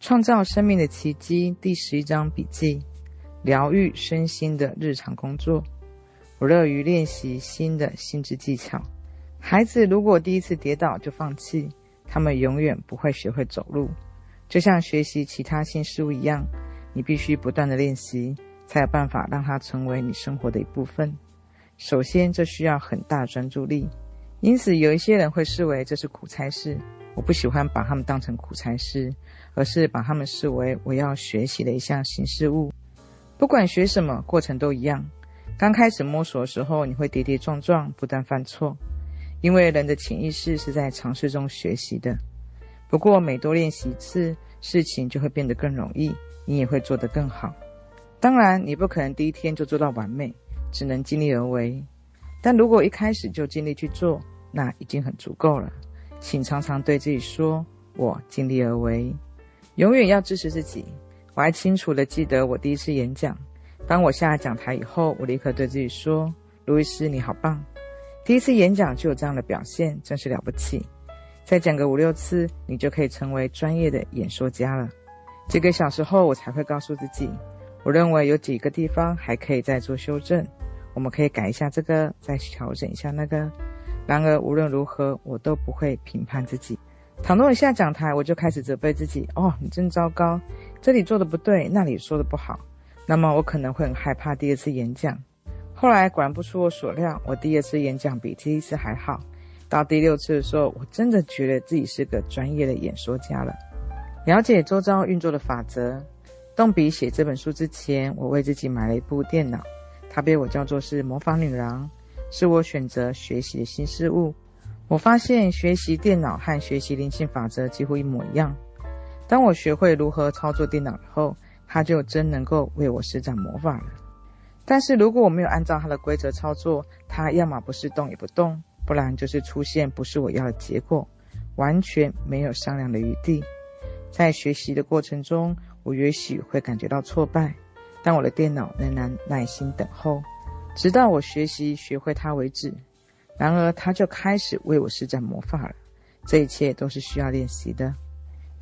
創造生命的奇蹟，第十一章筆記：療癒身心的日常工作。我樂於練習新的心智技巧。孩子如果第一次跌倒就放棄，他們永遠不會學會走路。就像學習其他新事物一樣，你必須不斷地練習，才有辦法讓它成為你生活的一部分。首先，這需要很大專注力，因此有一些人會視為這是苦差事。我不喜歡把他們當成苦差事，而是把他們視為我要學習的一項新事物。不管學什麼，過程都一樣。剛開始摸索的時候，你會跌跌撞撞，不斷犯錯，因為人的潛意識是在嘗試中學習的。不過，每多練習一次，事情就會變得更容易，你也會做得更好。當然，你不可能第一天就做到完美，只能盡力而為。但如果一開始就盡力去做，那已經很足夠了。請常常對自己說：“我盡力而為，永遠要支持自己。”我還清楚地記得我第一次演講，當我下了講台以後，我立刻對自己說：“路易斯，你好棒！第一次演講就有這樣的表現，真是了不起！再講個五六次，你就可以成為專業的演說家了。”幾個小時後，我才會告訴自己，我認為有幾個地方還可以再做修正，我們可以改一下這個，再調整一下那個。然而無論如何，我都不會評判自己。倘若一下講台，我就開始責備自己：哦，你真糟糕，這裡做的不對，那裡說的不好。那麼我可能會很害怕第二次演講。後來果然不出我所料，我第二次演講比第一次還好。到第六次的時候，我真的覺得自己是個專業的演說家了。了解周遭運作的法則。動筆寫這本書之前，我為自己買了一部電腦，它被我叫做是“魔法女郎”。是我選擇學習的新事物。我發現學習電腦和學習靈性法則幾乎一模一樣。當我學會如何操作電腦後，它就真能夠為我施展魔法了。但是如果我沒有按照它的規則操作，它要麼不是動也不動，不然就是出現不是我要的結果，完全沒有商量的餘地。在學習的過程中，我也許會感覺到挫敗，但我的電腦仍然耐心等候。直到我學習學會它為止，然而它就開始為我施展魔法了。這一切都是需要練習的。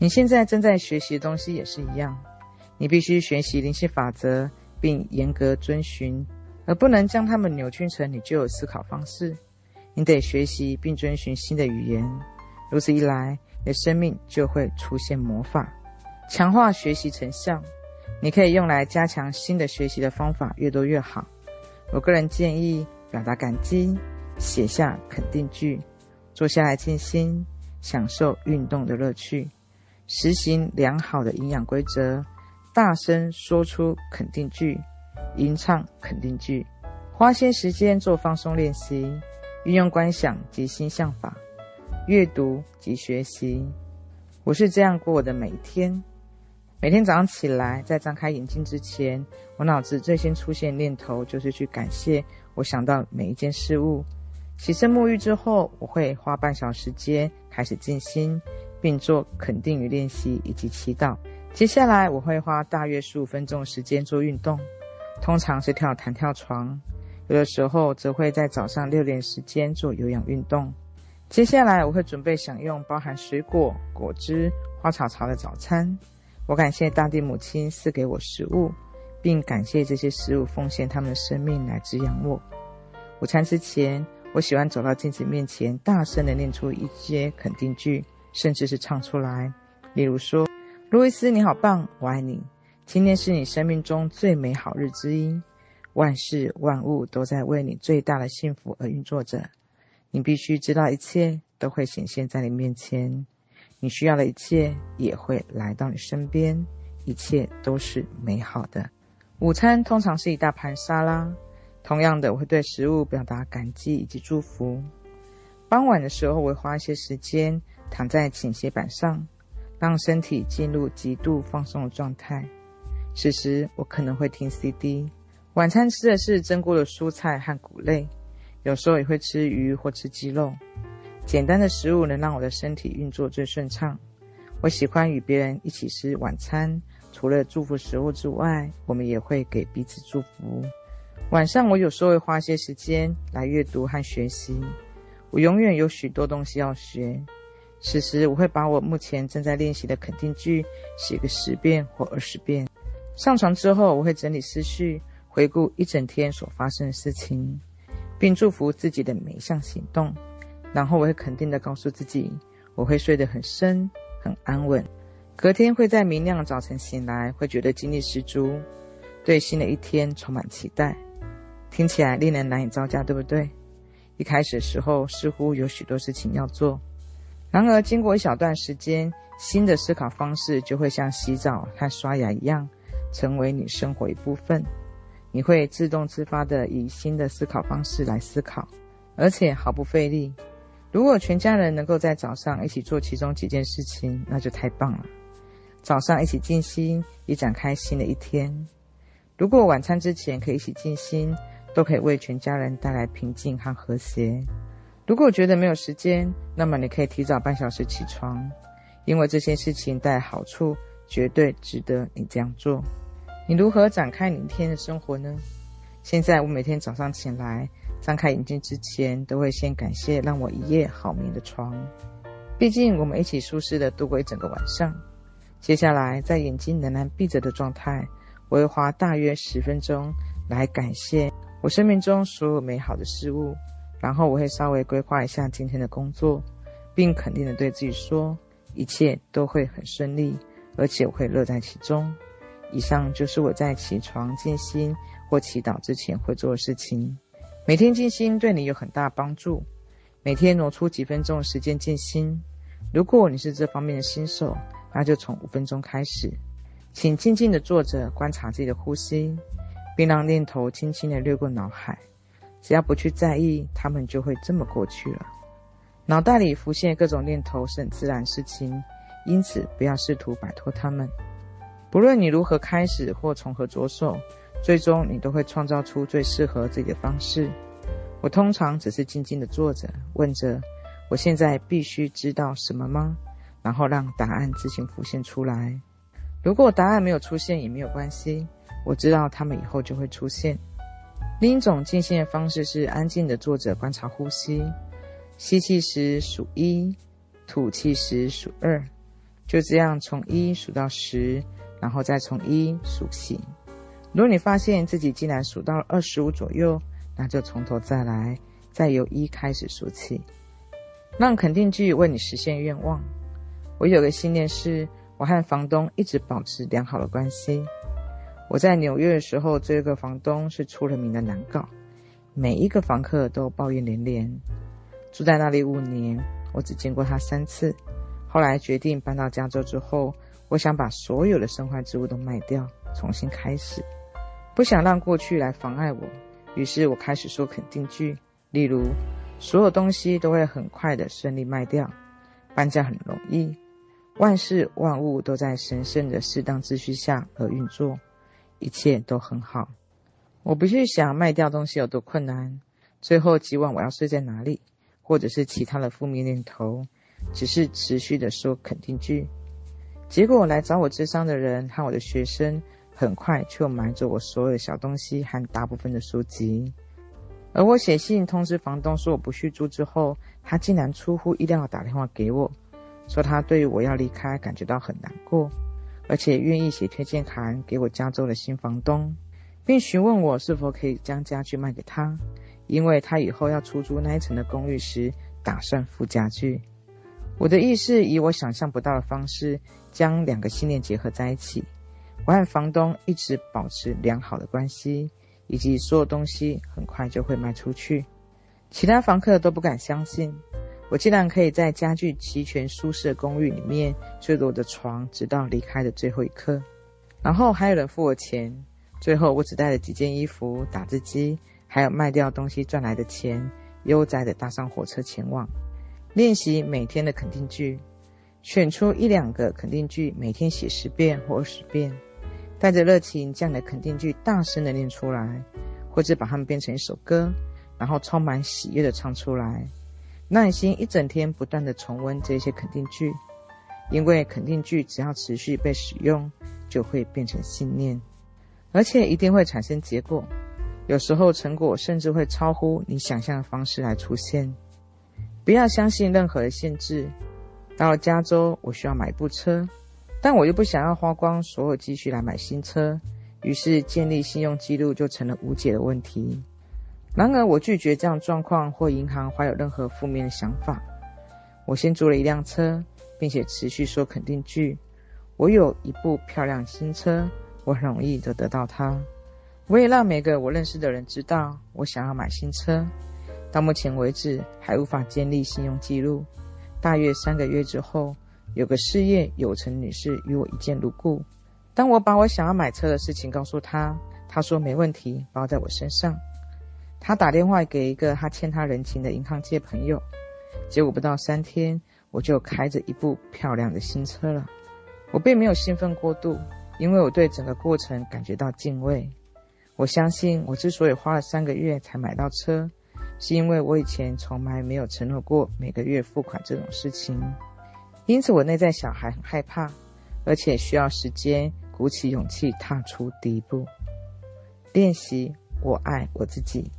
你現在正在學習的東西也是一樣，你必須學習靈性法則，並嚴格遵循，而不能將它們扭曲成你舊有思考方式。你得學習並遵循新的語言，如此一來，你的生命就會出現魔法，強化學習成效。你可以用來加強新的學習的方法越多越好。我個人建議：表達感激，寫下肯定句，坐下來靜心，享受運動的樂趣，實行良好的營養規則，大聲說出肯定句，吟唱肯定句，花些時間做放鬆練習，運用觀想及心象法，閱讀及學習。我是這樣過我的每一天。每天早上起來，在張開眼睛之前，我腦子最先出現念頭就是去感謝我想到每一件事物。洗身沐浴之後，我會花半小時間開始靜心，並做肯定語練習以及祈禱。接下來，我會花大約十五分鐘時間做運動，通常是跳彈跳床，有的時候則會在早上六點時間做有氧運動。接下來，我會準備享用包含水果、果汁、花草茶的早餐。我感謝大地母親賜給我食物，並感謝這些食物奉獻他們的生命來滋養我。午餐之前，我喜歡走到鏡子面前，大聲地念出一些肯定句，甚至是唱出來。例如說：“路易斯，你好棒，我愛你。今天是你生命中最美好日之一，萬事萬物都在為你最大的幸福而運作着。你必須知道，一切都會顯現在你面前。”你需要的一切也會來到你身邊，一切都是美好的。午餐通常是一大盤沙拉，同樣的，我會對食物表達感激以及祝福。傍晚的時候，我會花一些時間躺在傾斜板上，讓身體進入極度放鬆的狀態。此時,時，我可能會聽 CD。晚餐吃的是蒸過的蔬菜和谷類，有時候也會吃魚或吃雞肉。簡單的食物能讓我的身體運作最順暢。我喜歡與別人一起吃晚餐，除了祝福食物之外，我們也會給彼此祝福。晚上我有時候會花些時間來閱讀和學習，我永遠有許多東西要學。此時我會把我目前正在練習的肯定句寫個十遍或二十遍。上床之後，我會整理思緒，回顧一整天所發生的事情，並祝福自己的每一項行動。然後我會肯定地告訴自己，我會睡得很深、很安穩，隔天會在明亮的早晨醒來，會覺得精力十足，對新的一天充滿期待。聽起來令人難以招架，對不對？一開始的時候似乎有許多事情要做，然而經過一小段時間，新的思考方式就會像洗澡和刷牙一樣，成為你生活一部分。你會自動自發地以新的思考方式來思考，而且毫不費力。如果全家人能夠在早上一起做其中幾件事情，那就太棒了。早上一起靜心，以展開新的一天。如果晚餐之前可以一起靜心，都可以為全家人帶來平靜和和諧。如果覺得沒有時間，那麼你可以提早半小時起床，因為這些事情帶來好處，絕對值得你這樣做。你如何展開你一天的生活呢？現在我每天早上起來，張開眼睛之前，都會先感謝讓我一夜好眠的床，畢竟我們一起舒適的度過一整個晚上。接下來，在眼睛仍然閉着的狀態，我會花大約十分鐘來感謝我生命中所有美好的事物，然後我會稍微規劃一下今天的工作，並肯定的對自己說：一切都會很順利，而且我會樂在其中。以上就是我在起床、靜心或祈禱之前會做的事情。每天靜心對你有很大的幫助。每天挪出幾分鐘的時間靜心。如果你是這方面的新手，那就從五分鐘開始。請靜靜地坐着，觀察自己的呼吸，並讓念頭輕輕地掠過腦海。只要不去在意，他們就會這麼過去了。腦袋裡浮現的各種念頭是很自然的事情，因此不要試圖擺脫他們。不論你如何開始或從何着手。最終，你都會創造出最適合自己的方式。我通常只是靜靜的坐着，問着：“我現在必須知道什麼嗎？”然後讓答案自行浮現出來。如果答案沒有出現也沒有關係，我知道他們以後就會出現。另一種靜心的方式是安靜的坐着觀察呼吸，吸氣時數一，吐氣時數二，就這樣從一數到十，然後再從一數起。如果你發現自己竟然數到了二十五左右，那就從頭再來，再由一開始數起。讓肯定句為你實現願望。我有個信念是，是我和房東一直保持良好的關係。我在紐約的時候，這個房東是出了名的難搞，每一個房客都抱怨連連。住在那裡五年，我只見過他三次。後來決定搬到加州之後，我想把所有的身外之物都賣掉，重新開始。不想讓過去來妨礙我，於是我開始說肯定句，例如：所有東西都會很快的順利賣掉，搬家很容易，萬事萬物都在神聖的適當秩序下而運作，一切都很好。我不去想賣掉東西有多困難，最後幾晚我要睡在哪裡，或者是其他的負面念頭，只是持續的說肯定句。結果來找我諮商的人和我的學生。很快就買走我所有的小東西和大部分的書籍，而我寫信通知房東說我不續租之後，他竟然出乎意料的打電話給我，說他對於我要離開感覺到很難過，而且願意寫推薦函給我加州的新房東，並詢問我是否可以將家具賣給他，因為他以後要出租那一層的公寓時打算付家具。我的意識以我想象不到的方式將兩個信念結合在一起。我和房東一直保持良好的關係，以及所有東西很快就會賣出去。其他房客都不敢相信，我竟然可以在家具齊全、舒適的公寓裡面睡着我的床，直到離開的最後一刻。然後還有人付我錢。最後，我只帶了幾件衣服、打字機，還有賣掉東西賺來的錢，悠哉地搭上火車前往。練習每天的肯定句，選出一兩個肯定句，每天寫十遍或二十遍。帶着熱情，將你的肯定句大聲的念出來，或者把它們變成一首歌，然後充滿喜悅的唱出來。耐心一整天不斷的重溫這些肯定句，因為肯定句只要持續被使用，就會變成信念，而且一定會產生結果。有時候成果甚至會超乎你想象的方式來出現。不要相信任何的限制。到了加州，我需要買一部車。但我又不想要花光所有積蓄來買新車，於是建立信用記錄就成了無解的問題。然而，我拒絕這樣狀況或銀行懷有任何負面的想法。我先租了一輛車，並且持續說肯定句：我有一部漂亮新車，我很容易就得到它。我也讓每個我認識的人知道我想要買新車。到目前為止，還無法建立信用記錄。大約三個月之後，有個事業有成女士與我一見如故。當我把我想要買車的事情告訴她，她說沒問題，包在我身上。她打電話給一個她欠她人情的銀行界朋友，結果不到三天，我就開着一部漂亮的新車了。我並沒有興奮過度，因為我對整個過程感覺到敬畏。我相信我之所以花了三個月才買到車，是因為我以前從來沒有承諾過每個月付款這種事情。因此，我內在小孩很害怕，而且需要時間鼓起勇氣踏出第一步。練習我愛我自己。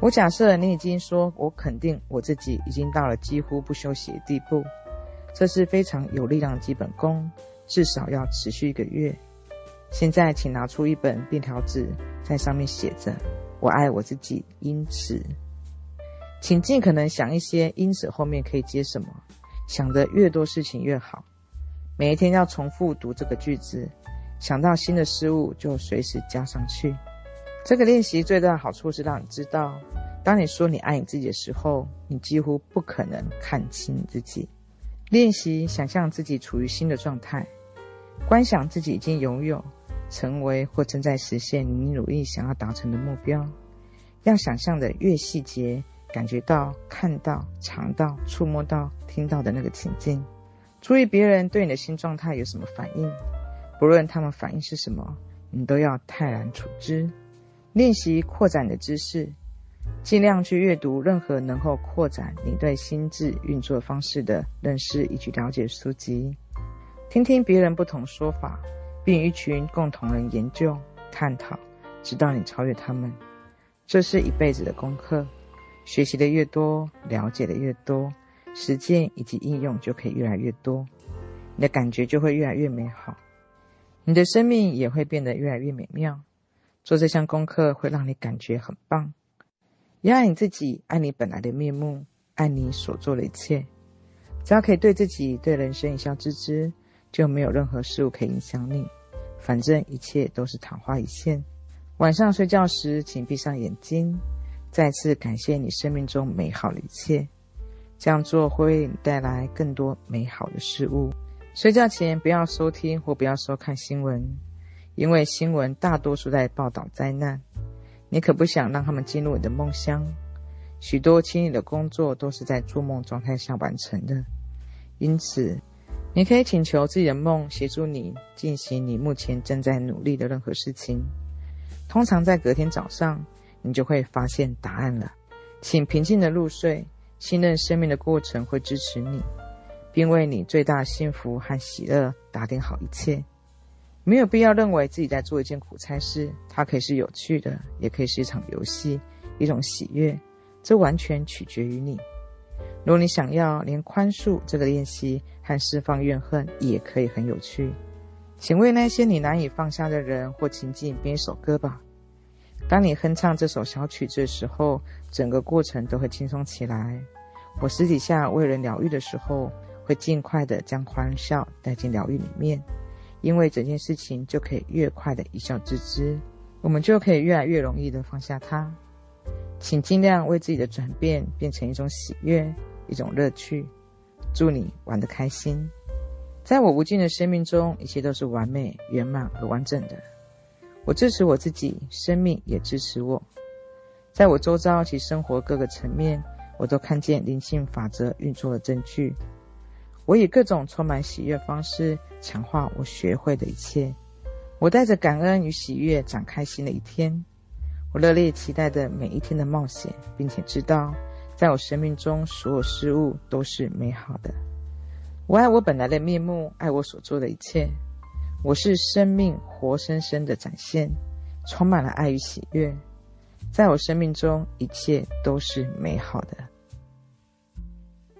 我假設你已經說，我肯定我自己已經到了幾乎不休息的地步。這是非常有力量的基本功，至少要持續一個月。現在，請拿出一本便條紙，在上面寫着“我愛我自己”。因此，請盡可能想一些“因此”後面可以接什麼。想的越多，事情越好。每一天要重複讀這個句子，想到新的事物就隨時加上去。這個練習最大的好處是讓你知道，當你說你愛你自己的時候，你幾乎不可能看清自己。練習想象自己處於新的狀態，觀想自己已經擁有、成為或正在實現你努力想要達成的目標。要想象的越細節，感覺到、看到、嘗到、觸摸到、聽到的那個情境，注意別人對你的新狀態有什麼反應。不論他們反應是什麼，你都要泰然處之。練習擴展的知識，盡量去閱讀任何能夠擴展你對心智運作方式的認識以及了解書籍。聽聽別人不同說法，並與一群共同人研究探討，直到你超越他們。這是一輩子的功課。學習的越多，了解的越多，實踐以及應用就可以越來越多，你的感覺就會越來越美好，你的生命也會變得越來越美妙。做這項功課會讓你感覺很棒。也愛你自己，愛你本來的面目，愛你所做的一切。只要可以對自己、對人生一笑置之，就沒有任何事物可以影響你。反正一切都是曇花一現。晚上睡覺時，請閉上眼睛。再次感謝你生命中美好的一切，這樣做會為你帶來更多美好的事物。睡覺前不要收聽或不要收看新聞，因為新聞大多數在報道災難，你可不想讓他們進入你的夢鄉。許多清理的工作都是在做夢狀態下完成的，因此你可以請求自己的夢協助你進行你目前正在努力的任何事情。通常在隔天早上，你就會發現答案了。請平靜的入睡，信任生命的過程會支持你，並為你最大的幸福和喜樂打點好一切。沒有必要認為自己在做一件苦差事，它可以是有趣的，也可以是一場遊戲，一種喜悅，這完全取決於你。如果你想要，連寬恕這個練習和釋放怨恨也可以很有趣。請為那些你難以放下的人或情境編一首歌吧。當你哼唱這首小曲子的時候，整個過程都會輕鬆起來。我私底下為人療癒的時候，會盡快的將歡笑帶進療癒裡面，因為整件事情就可以越快的一笑置之，我們就可以越來越容易的放下它。請盡量為自己的轉變變成一種喜悅，一種樂趣。祝你玩得開心！在我無盡的生命中，一切都是完美、圓滿而完整的。我支持我自己，生命也支持我。在我周遭及生活各個層面，我都看見靈性法則運作的證據。我以各種充滿喜悅方式強化我學會的一切。我帶着感恩與喜悅展開新的一天。我熱烈期待著每一天的冒險，並且知道在我生命中所有事物都是美好的。我愛我本來的面目，愛我所做的一切。我是生命活生生的展現，充滿了愛與喜悅。在我生命中，一切都是美好的。